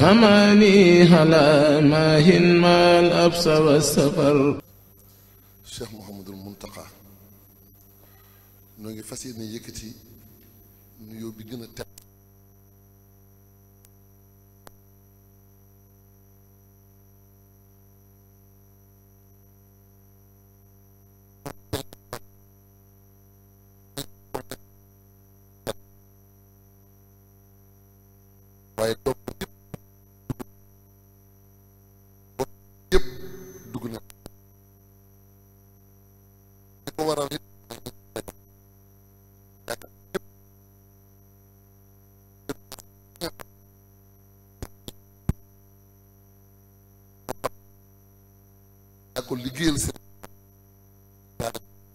hamani hala mahin mal absa wa safar Cheikh Mouhamadul Mountakha noo ngi fas yéene yëkkati nuyoo bi gën a teg waaye daa ko liggéeyal seen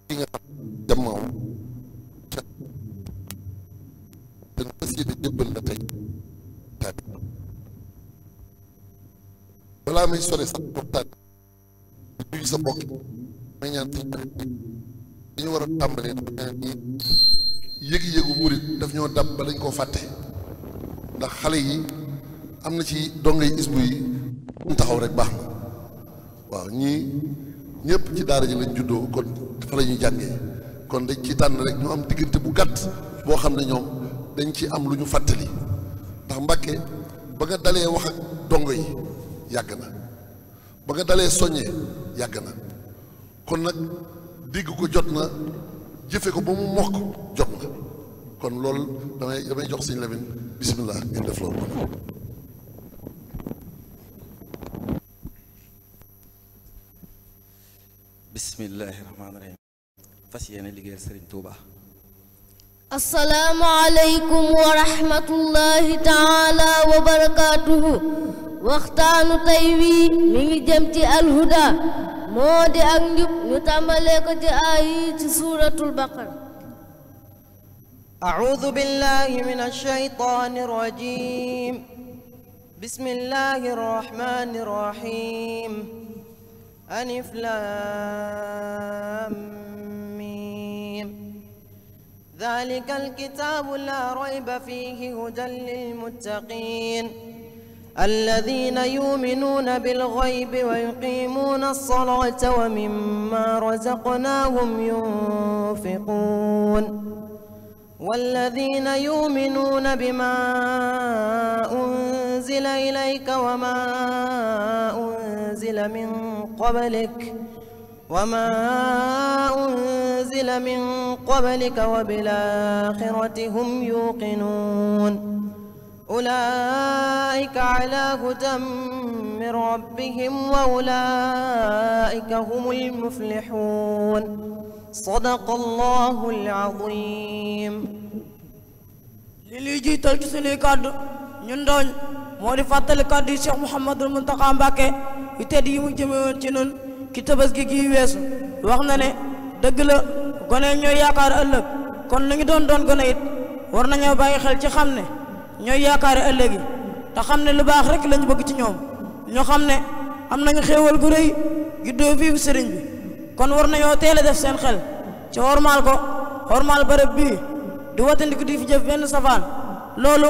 ki nga xam jammaw ca dañ fas yéene jébbal la tey balaa may sore sa bokk dañu war a tàmbalee yëgi-yëgu murit daf ñoo dab ba dañ koo fàtte ndax xale yi am na ci dongay isbu yi ñu taxaw rek baax waaw ñii ñëpp ci daara ji lañ juddoo kon fa la ñuy jàngee kon dañ ci tànn rek ñu am diggante bu gàtt boo xam ne ñoom dañ ci am lu ñu fàttali ndax Mbàkke ba nga dalee wax ak dongo yi yàgg na ba nga dalee soññee yàgg na kon nag digg ko jot na jëfe ko ba mu mokk jot na kon loolu damay damay jox sëñ Lamin bismillah ngeen def loolu bismillaahi rahmaani rahiim fas yéene liggéeyal sëriñ Tuuba assalaamu aleykum wa rahmatullahi taala wa barakaatuhu waxtaanu tey wii mi ngi jëm ci alhuda moo di ak njub ñu tàmbalee ko ci aay yi ci suuratul baqara أعوذ بالله من الشيطان الرجيم بسم الله الرحمن الرحيم ألف لام ميم ذلك الكتاب لا ريب فيه هدى للمتقين الذين يؤمنون بالغيب ويقيمون الصلاة ومما رزقناهم ينفقون والذين يؤمنون بما أنزل إليك وما أنزل أنزل من قبلك وما أنزل من قبلك وبالآخرة هم يوقنون أولئك على هدى من ربهم وأولئك هم المفلحون صدق الله العظيم li liy jiital ci sunuy kàddu ñun dooñ moo di fàttali kàddu yi Cheikh Mouhamadul Muntaqa Mbàkke yu tedd yi mu jëme woon ci noonu ki tabaski gi weesu wax na ne dëgg la gone ñooy yaakaar ëllëg kon lu gi doon doon gone it war nañoo bàyyi xel ci xam ne ñooy yaakaar ëllëg yi te xam ne lu baax rek lañ bëgg ci ñoom ñu xam ne am nañu xéewal gu rëy juddoo fii sëriñ bi kon war nañoo teel a def seen xel ci hormaal ko hormaal barab bii di wattandiku di fi jëf benn safaan loolu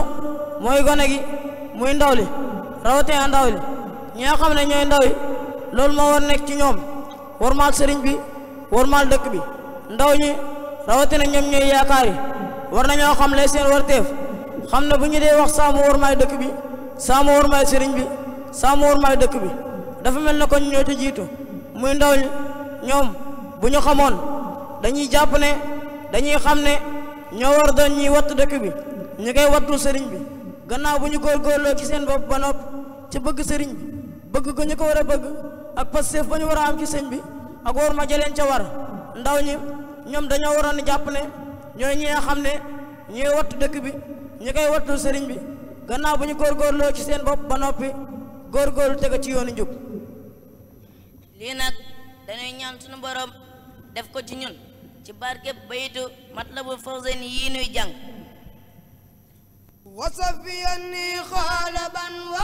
mooy gone gi muy ndaw li rawatina ndaw li ñi xam ne ñooy ndaw yi loolu moo war nekk ci ñoom warmaal sëriñ bi warmaal dëkk bi ndaw ñi rawatina ñoom ñooy yaakaar yi war nañoo xam le seen warteef xam ne bu ñu dee wax saamu warmaay dëkk bi saamu warmaay sëriñ bi saamu warmaay dëkk bi dafa mel na ko ñoo ci jiitu muy ndaw ñi ñoom bu ñu xamoon dañuy jàpp ne dañuy xam ne ñoo war doon ñiy wattu dëkk bi ñu koy wattu sëriñ bi gannaaw bu ñu góorgóorloo ci seen bopp ba nopp ci bëgg sëriñ bi bëgg ga ñu ko war a bëgg ak pastéef ba ñu war a am ci sëñ bi ak war ma jëleen ca war ndaw ñi ñoom dañoo waroon jàpp ne ñooy ñi nga xam ne ñooy wattu dëkk bi ñi koy wattu sëriñ bi gannaaw bu ñu góorgóorloo ci seen bopp ba noppi góorgóorlu teg ci yoonu njub lii nag dañuy ñaan suñu borom def ko ci ñun ci barkeb baytu matlabul fawzayni yii nuy jàng wasafiyanni xaalaban wa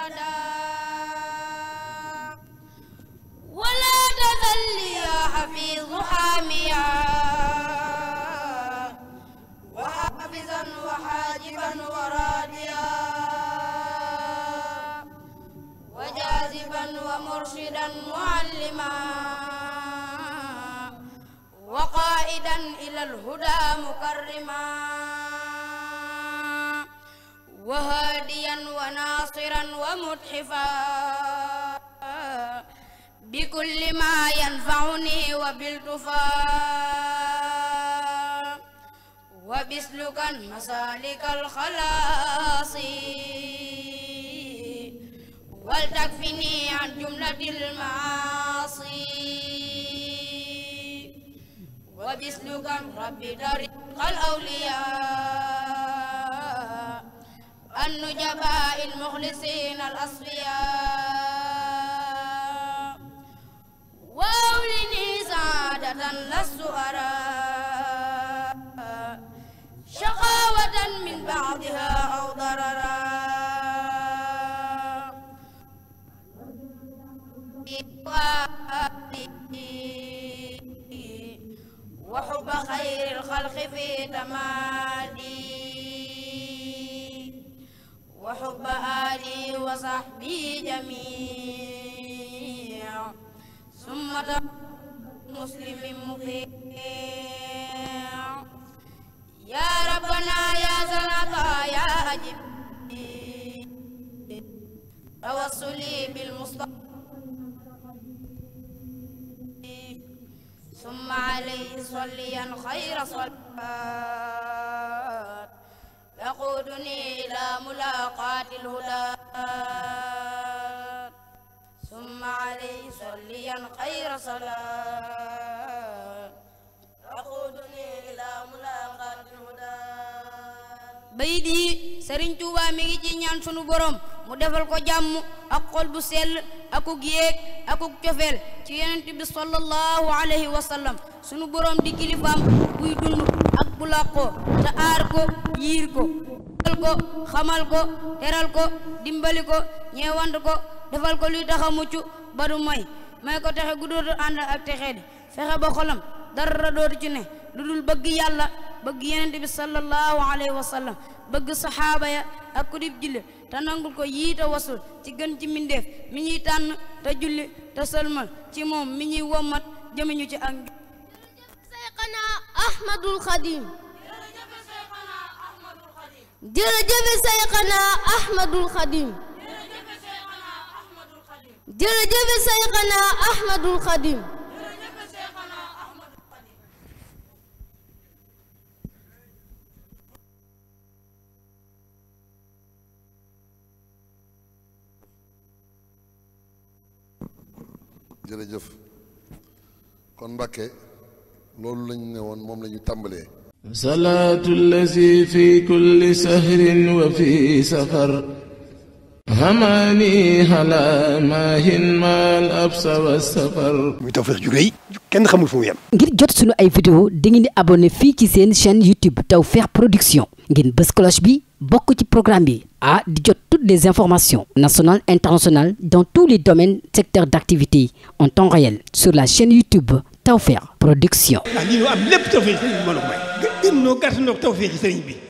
مرشدا معلما وقائدا إلى الهدى مكرما وهاديا وناصرا ومتحفا بكل ما ينفعني وبالتفا وبسلكا مسالك الخلاص ولتكفني عن جملة المعاصي وبسلك ربي طريق الأولياء النجباء المخلصين الأصفياء وأولني سعادة لست أرى شقاوة من بعدها أو ضررا اعتمادي وحب آلي وصحبي جميع ثم مسلم مطيع يا ربنا يا زنطا يا أجب توصلي بالمصطفى ثم عليه صليا خير صلوات يقودني إلى ملاقاة الهدى ثم عليه صليا خير صلاة يقودني إلى ملاقاة الهدى bayit yi sëriñ Tuubaa mi ngi ci ñaan sunu borom mu defal ko jàmm ak xol bu sell ak ku yéeg akuk cofeel ci yonent bi sallallahu alayhi wa sallam sunu boroom di kilifaam buy dund ak bu làqoo ko yiir ko al xamal ko teral ko dimbali ko ñeewant ko defal ko luy tax a mucc ba du moy may ko texe gu dootu ànd ak texee di fexe ba xolam dara dootu ci ne lu dul bëgg yàlla bëgg yonent bi sallallahu alayhi wa bëgg saxaaba ya ak ku dib julli nangul ko yii te wasul ci gën ci mbindeef mi ñuy tànn te julli te sëlmal ci moom mi ñuy wommat jëmiñu ci ak Seyxana Ahmadul Xadim jërëjëf Seyxana Ahmadul Xadim jërëjëf Seyxana Ahmadul Xadim jërëjëf kon Mbàkke loolu lañ ne woon moom la ñu tàmbalee salaatu llazi fi kulli sahrin wa fi safar hamaani ala maahin maal absa wa safar muy Tawfekh ju kenn xamul fu mu ngir jot sunu ay vidéo dangeen di abonné fii ci seen chaîne YouTube Tawfekh Production ngeen bës cloche bi bokk ci programme bi ah di jot toutes les informations nationales internationales dans tous les domaines secteurs d'activité en temps réel sur la chaîne YouTube Tawfekh Production. ah lii loo am lépp tawfeex ci bi mbooloo mooy. gën gën ñoo gàtt ñoo ak bi.